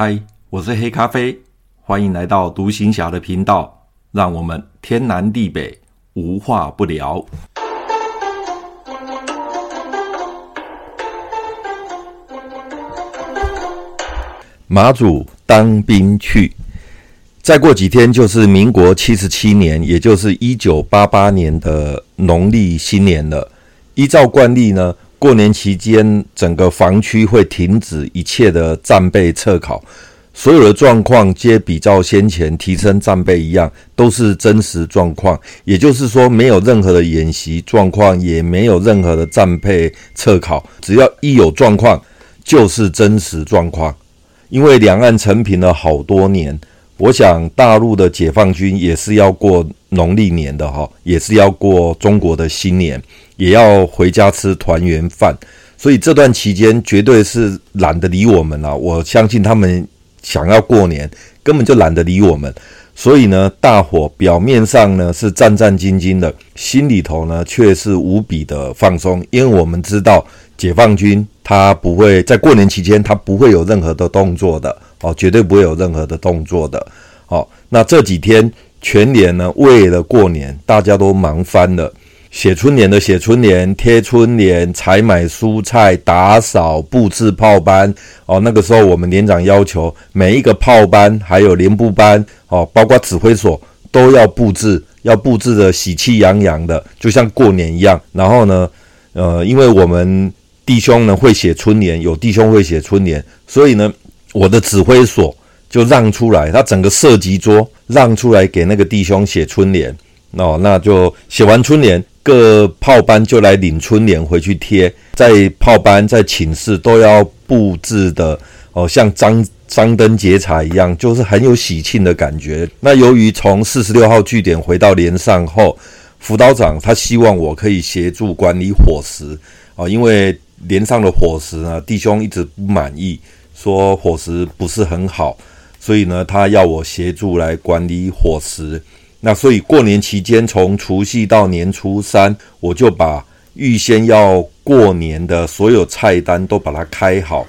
嗨，Hi, 我是黑咖啡，歡迎來到讀行俠的頻道，讓我們天南地北無話不聊。馬祖當兵趣，再過幾天就是民國七十七年，也就是一九八八年的農曆新年了。依照慣例呢，過年期間，整個防區會停止一切的戰備測考，所有的狀況皆比照先前提升戰備一樣，都是真實狀況。也就是說，沒有任何的演習狀況，也沒有任何的戰備測考，只要一有狀況，就是真實狀況。因為兩岸承平了好多年。我想大陸的解放軍也是要過農曆年的哈，也是要過中國的新年，也要回家吃團圓飯，所以這段期間絕對是懶得理我們了。我相信他們想要過年，根本就懶得理我們。所以呢，大夥表面上呢是戰戰兢兢的，心裡頭呢卻是無比的放鬆，因為我們知道。解放軍他不會在過年期間，他不會有任何的動作的哦，絕對不會有任何的動作的哦。那這幾天全連呢，為了過年，大家都忙翻了，寫春聯的寫春聯，貼春聯，採買蔬菜，打掃布置炮班哦。那個時候，我們連長要求每一個炮班還有連部班哦，包括指揮所都要布置，要布置的喜氣洋洋的，就像過年一樣。然後呢，呃，因為我們弟兄呢會寫春聯，有弟兄會寫春聯，所以呢，我的指揮所就讓出來，他整個射擊桌讓出來給那個弟兄寫春聯。哦，那就寫完春聯，各炮班就來領春聯回去貼，在炮班在寢室都要布置的哦，像張張燈結綵一樣，就是很有喜慶的感覺。那由於從四十六號據點回到連上後，輔導長他希望我可以協助管理伙食，哦，因為。連上了伙食呢，弟兄一直不滿意，說伙食不是很好，所以呢，他要我協助來管理伙食。那所以過年期間，從除夕到年初三，我就把預先要過年的所有菜單都把它開好。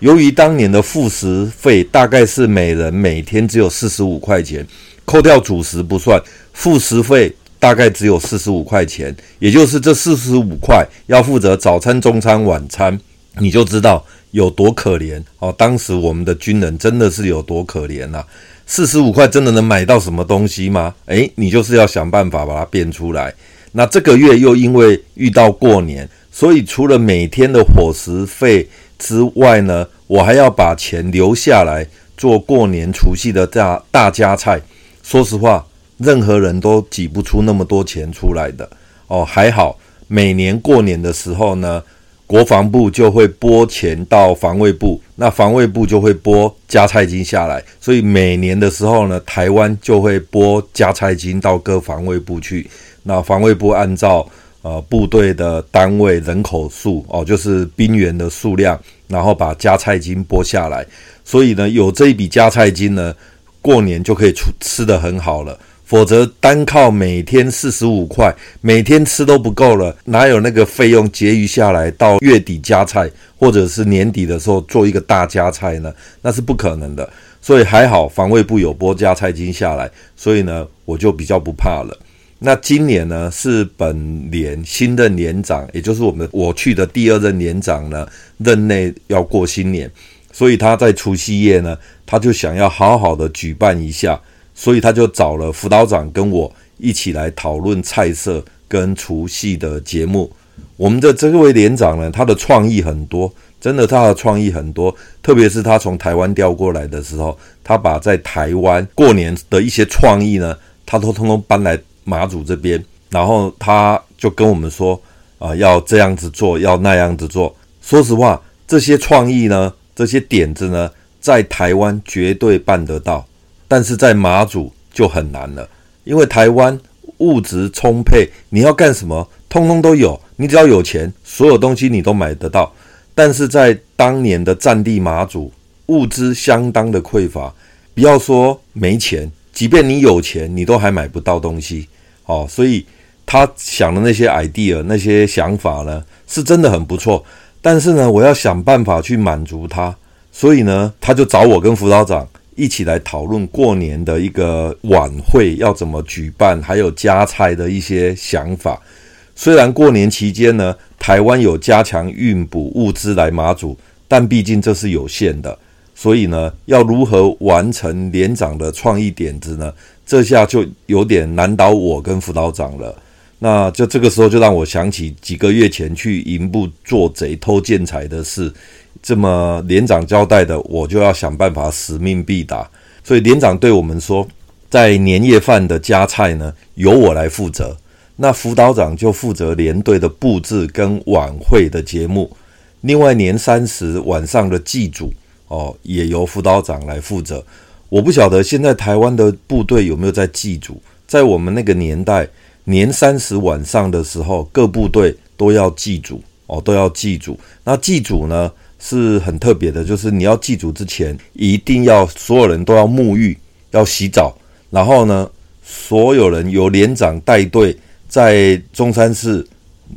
由於當年的副食費大概是每人每天只有四十五塊錢，扣掉主食不算，副食費。大概只有四十五塊錢，也就是這四十五塊要負責早餐、中餐、晚餐，你就知道有多可憐哦。當時我們的軍人真的是有多可憐吶、啊！四十五塊真的能買到什麼東西嗎？誒、欸，你就是要想辦法把它變出來。那這個月又因為遇到過年，所以除了每天的伙食費之外呢，我還要把錢留下來做過年除夕的大、大加菜。說實話。任何人都擠不出那麼多錢出來的哦。還好，每年過年的時候呢，國防部就會撥錢到防衛部，那防衛部就會撥加菜金下來。所以每年的時候呢，台灣就會撥加菜金到各防衛部去。那防衛部按照呃部隊的單位人口數哦，就是兵員的數量，然後把加菜金撥下來。所以呢，有這一筆加菜金呢，過年就可以吃吃得很好了。否則，單靠每天四十五塊，每天吃都不夠了，哪有那個費用結餘下來到月底加菜，或者是年底的時候做一個大加菜呢？那是不可能的。所以還好防衛部有撥加菜金下來，所以呢，我就比較不怕了。那今年呢，是本連新任連長，也就是我們我去的第二任連長呢，任內要過新年，所以他在除夕夜呢，他就想要好好的舉辦一下。所以他就找了輔導長跟我一起來討論菜色跟除夕的節目。我們的這位連長呢，他的創意很多，真的他的創意很多。特別是他從台灣調過來的時候，他把在台灣過年的一些創意呢，他都通通搬來馬祖這邊。然後他就跟我們說：“啊、呃，要這樣子做，要那樣子做。”說實話，這些創意呢，這些點子呢，在台灣絕對辦得到。但是在馬祖就很難了，因為台灣物質充沛，你要幹什麼，通通都有，你只要有錢，所有東西你都買得到。但是在當年的戰地馬祖，物資相當的匱乏，不要說沒錢，即便你有錢，你都還買不到東西。哦，所以他想的那些 idea 那些想法呢，是真的很不錯。但是呢，我要想辦法去滿足他，所以呢，他就找我跟輔導長。一起來討論過年的一個晚會要怎麼舉辦，還有加菜的一些想法。雖然過年期間呢，台灣有加強運補物資來馬祖，但畢竟這是有限的，所以呢，要如何完成連長的創意點子呢？這下就有點難倒我跟輔導長了。那就這個時候就讓我想起幾個月前去營部做賊偷建材的事。這麼連長交代的，我就要想辦法使命必達。所以連長對我們說，在年夜飯的加菜呢，由我來負責。那輔導長就負責連隊的布置跟晚會的節目。另外，年三十晚上的祭祖哦，也由輔導長來負責。我不曉得現在台灣的部隊有沒有在祭祖。在我們那個年代，年三十晚上的時候，各部隊都要祭祖哦，都要祭祖。那祭祖呢？是很特別的，就是你要祭祖之前，一定要所有人都要沐浴，要洗澡，然後呢，所有人由連長帶隊在中山室，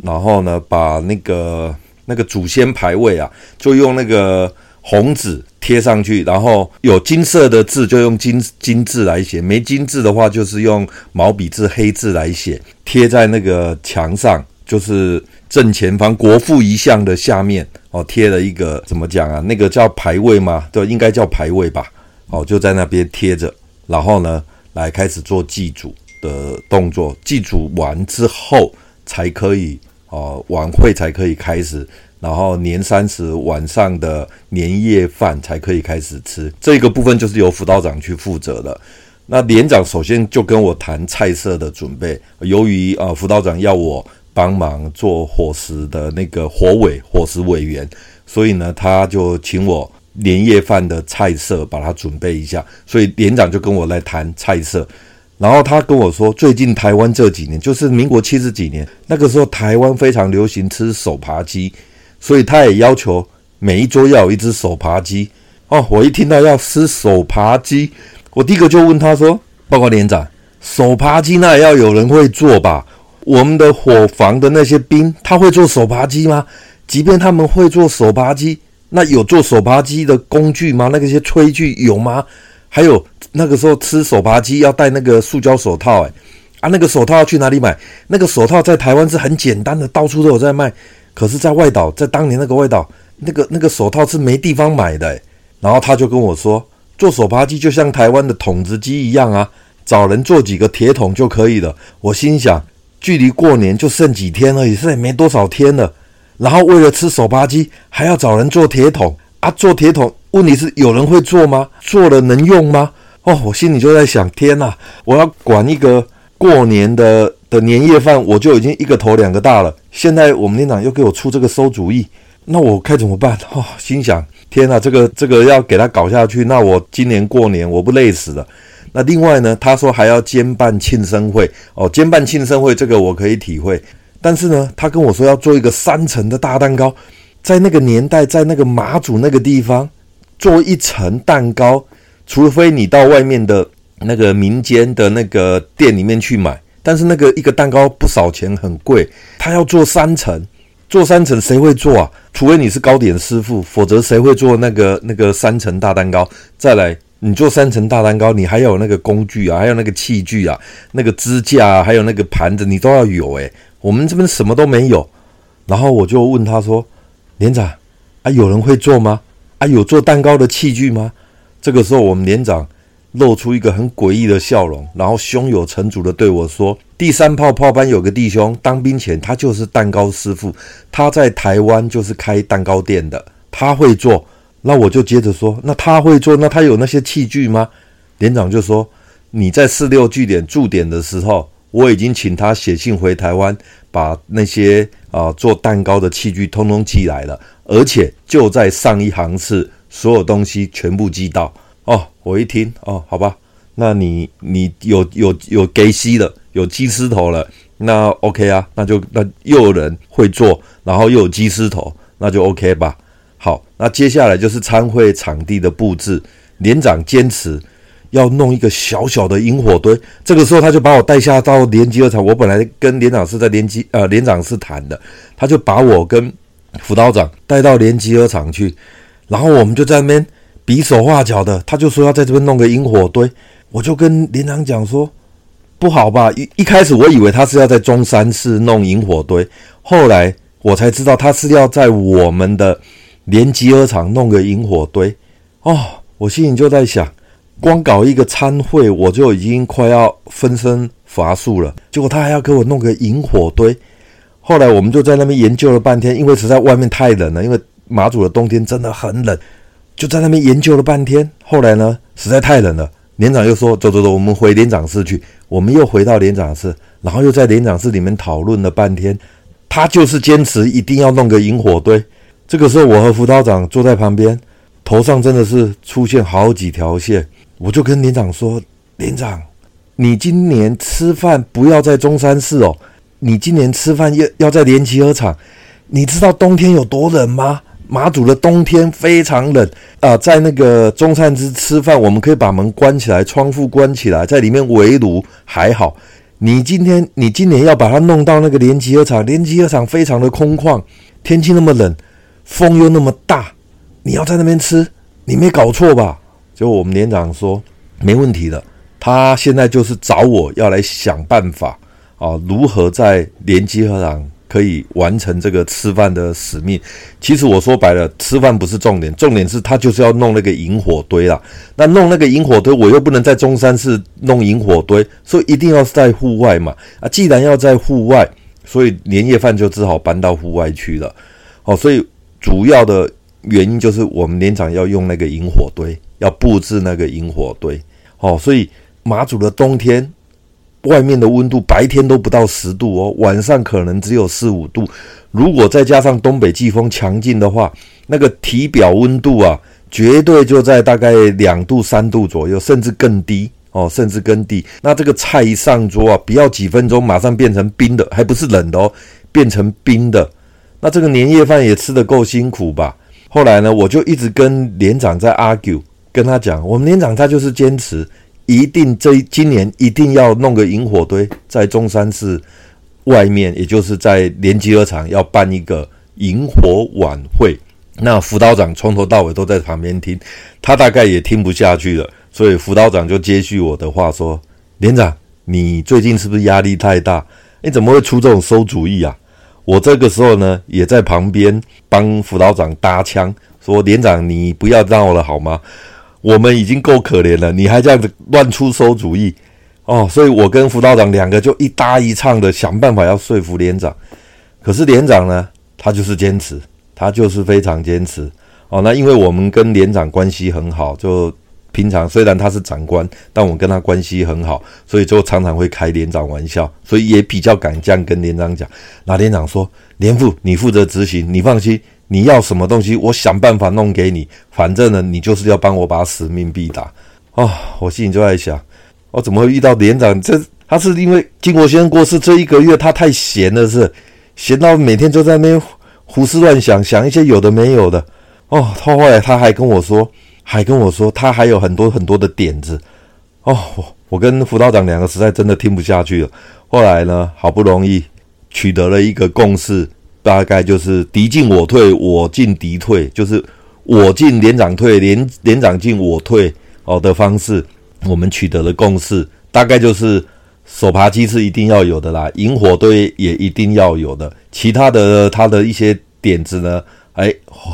然後呢，把那個那個祖先牌位啊，就用那個紅紙貼上去，然後有金色的字就用金金字來寫，沒金字的話就是用毛筆字黑字來寫，貼在那個牆上，就是正前方國父遺像的下面。哦，貼了一個，怎麼講啊？那個叫牌位嗎？對，應該叫牌位吧。哦，就在那邊貼着，然後呢，來開始做祭祖的動作。祭祖完之後才可以，哦，晚會才可以開始，然後年三十晚上的年夜飯才可以開始吃。這個部分就是由輔導長去負責的。那連長首先就跟我談菜色的準備，由於啊，呃、輔導長要我。幫忙做伙食的那個伙委、伙食委員，所以呢，他就請我年夜飯的菜色把它準備一下。所以連長就跟我來談菜色，然後他跟我說，最近台灣這幾年，就是民國七十幾年那個時候，台灣非常流行吃手扒雞，所以他也要求每一桌要有一隻手扒雞。哦，我一聽到要吃手扒雞，我第一個就問他說：“報告連長，手扒雞那也要有人會做吧？”我們的伙房的那些兵，他會做手扒雞嗎？即便他們會做手扒雞，那有做手扒雞的工具嗎？那個一些炊具有嗎？還有那個時候吃手扒雞要戴那個塑膠手套，哎，啊，那個手套要去哪裡買？那個手套在台灣是很簡單的，到處都有在賣。可是在外島，在當年那個外島，那個那個手套是沒地方買的誒。然後他就跟我說，做手扒雞就像台灣的筒子雞一樣啊，找人做幾個鐵桶就可以了。我心想。距離過年就剩幾天了，也剩沒多少天了。然後為了吃手扒雞，還要找人做鐵桶啊！做鐵桶，問題是有人會做嗎？做了能用嗎？哦，我心裡就在想，天哪、啊！我要管一個過年的的年夜飯，我就已經一個頭兩個大了。現在我們連長又給我出這個餿主意，那我該怎麼辦？哦，心想，天哪、啊！這個這個要給他搞下去，那我今年過年我不累死了？那另外呢，他說還要兼辦慶生會哦，兼辦慶生會這個我可以體會，但是呢，他跟我說要做一個三層的大蛋糕，在那個年代，在那個馬祖那個地方做一層蛋糕，除非你到外面的那個民間的那個店裡面去買，但是那個一個蛋糕不少錢，很貴。他要做三層，做三層誰會做啊？除非你是糕點師傅，否則誰會做那個那個三層大蛋糕？再來。你做三層大蛋糕，你還有那個工具啊，還有那個器具啊，那個支架啊，還有那個盤子，你都要有欸。誒。我們這邊什麼都沒有。然後我就問他說：“連長，啊，有人會做嗎？啊，有做蛋糕的器具嗎？”這個時候，我們連長露出一個很詭異的笑容，然後胸有成竹地對我說：“第三炮炮班有個弟兄，當兵前他就是蛋糕師傅，他在台灣就是開蛋糕店的，他會做。”那我就接着說，那他會做？那他有那些器具嗎？連長就說：“你在四六據點駐點的時候，我已經請他寫信回台灣，把那些啊、呃、做蛋糕的器具通通寄來了，而且就在上一航次，所有東西全部寄到。”哦，我一聽，哦，好吧，那你你有有有給西了，有雞絲頭了，那 OK 啊，那就那又有人會做，然後又有雞絲頭，那就 OK 吧。好，那接下來就是餐會場地的布置。連長堅持要弄一個小小的營火堆，這個時候他就把我帶下到連集合場。我本來跟連長是在連集呃連長室談的，他就把我跟輔導長帶到連集合場去，然後我們就在那邊比手畫腳的。他就說要在這邊弄個營火堆，我就跟連長講說不好吧。一一開始我以為他是要在中山室弄營火堆，後來我才知道他是要在我們的。連集合場弄個營火堆，哦，我心裡就在想，光搞一個餐會，我就已經快要分身乏術了。結果他還要給我弄個營火堆。後來我們就在那邊研究了半天，因為實在外面太冷了，因為馬祖的冬天真的很冷，就在那邊研究了半天。後來呢，實在太冷了，連長又說：“走走走，我們回連長室去。”我們又回到連長室，然後又在連長室裡面討論了半天。他就是堅持一定要弄個營火堆。這個時候，我和輔導長坐在旁邊，頭上真的是出現好幾條線。我就跟連長說：“連長，你今年吃飯不要在中山室哦，你今年吃飯要要在連集合場，你知道冬天有多冷嗎？馬祖的冬天非常冷啊、呃，在那個中山室吃飯，我們可以把門關起來，窗戶關起來，在裡面圍爐還好。你今天，你今年要把它弄到那個連集合場，連集合場非常的空曠，天氣那麼冷。”風又那麼大，你要在那邊吃，你沒搞錯吧？就我們連長說沒問題的，他現在就是找我要來想辦法啊，如何在連集合場可以完成這個吃飯的使命。其實我說白了，吃飯不是重點，重點是他就是要弄那個營火堆啦。那弄那個營火堆，我又不能在中山室弄營火堆，所以一定要在戶外嘛。啊，既然要在戶外，所以年夜飯就只好搬到戶外去了。好、啊，所以。主要的原因就是我們連長要用那個營火堆，要布置那個營火堆。哦，所以馬祖的冬天，外面的溫度白天都不到十度哦，晚上可能只有四五度。如果再加上東北季風強勁的話，那個體表溫度啊，絕對就在大概兩度三度左右，甚至更低哦，甚至更低。那這個菜一上桌啊，不要幾分鐘，馬上變成冰的，還不是冷的哦，變成冰的。那這個年夜飯也吃得夠辛苦吧？後來呢，我就一直跟連長在 argue，跟他講，我們連長他就是堅持，一定這一今年一定要弄個營火堆在中山室外面，也就是在連集合場要辦一個營火晚會。那輔導長從頭到尾都在旁邊聽，他大概也聽不下去了，所以輔導長就接續我的話說，連長，你最近是不是壓力太大？你怎麼會出這種餿主意啊？我這個時候呢，也在旁邊幫輔導長搭腔，說連長，你不要鬧了好嗎？我們已經夠可憐了，你還這樣子亂出餿主意哦，所以，我跟輔導長兩個就一搭一唱的想辦法要說服連長，可是連長呢，他就是堅持，他就是非常堅持哦。那因為我們跟連長關係很好，就。平常雖然他是長官，但我跟他關係很好，所以就常常會開連長玩笑，所以也比較敢這樣跟連長講。那、啊、連長說：“連副，你負責執行，你放心，你要什麼東西，我想辦法弄給你。反正呢，你就是要幫我把使命必達。”哦，我心裡就在想，我、哦、怎麼會遇到連長？這是他是因為經國先生過世這一個月，他太閒了，是閒到每天就在那邊胡，胡思亂想，想一些有的沒有的。哦，他後來他還跟我說。還跟我說他還有很多很多的點子哦，我跟輔導長兩個實在真的聽不下去了。後來呢，好不容易取得了一個共識，大概就是敵進我退，我進敵退，就是我進連長退，連連長進我退哦的方式，我們取得了共識。大概就是手扒雞是一定要有的啦，營火堆也一定要有的，其他的他的一些點子呢，哎，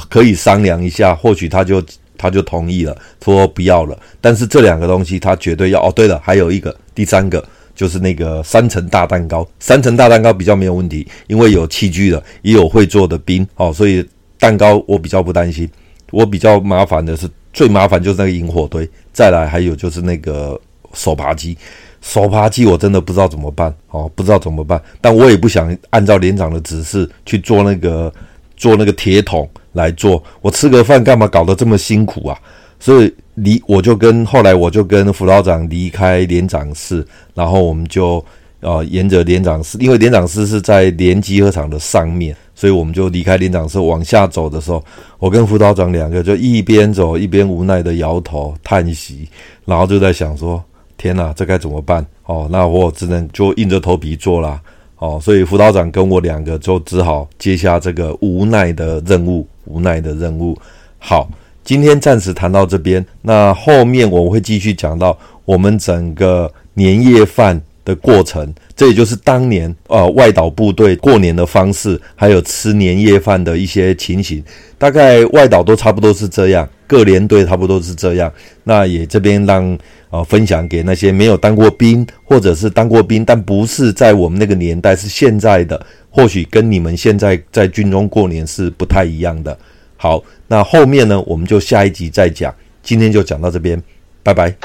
可以商量一下，或許他就。他就同意了，說不要了。但是這兩個東西他絕對要哦。對了，還有一個第三個就是那個三層大蛋糕，三層大蛋糕比較沒有問題，因為有器具的，也有會做的兵哦，所以蛋糕我比較不擔心。我比較麻煩的是最麻煩就是那個引火堆，再來還有就是那個手扒雞，手扒雞我真的不知道怎麼辦哦，不知道怎麼辦。但我也不想按照連長的指示去做那個做那個鐵桶。來做我吃個飯乾嘛搞得這麼辛苦啊？所以離我就跟後來我就跟輔導長離開連長室，然後我們就呃沿着連長室，因為連長室是在連集合場的上面，所以我們就離開連長室往下走的時候，我跟輔導長兩個就一邊走一邊無奈的搖頭嘆息，然後就在想說天哪，這該怎麼辦？哦，那我只能就硬着頭皮做啦。哦。所以輔導長跟我兩個就只好接下這個無奈的任務。無奈的任務。好，今天暫時談到這邊，那後面我會繼續講到我們整個年夜飯的過程，這也就是當年呃外島部隊過年的方式，還有吃年夜飯的一些情形。大概外島都差不多是這樣，各連隊差不多是這樣。那也這邊讓。啊、哦，分享給那些沒有當過兵，或者是當過兵但不是在我們那個年代，是現在的，或許跟你們現在在軍中過年是不太一樣的。好，那後面呢，我們就下一集再講。今天就講到這邊，拜拜。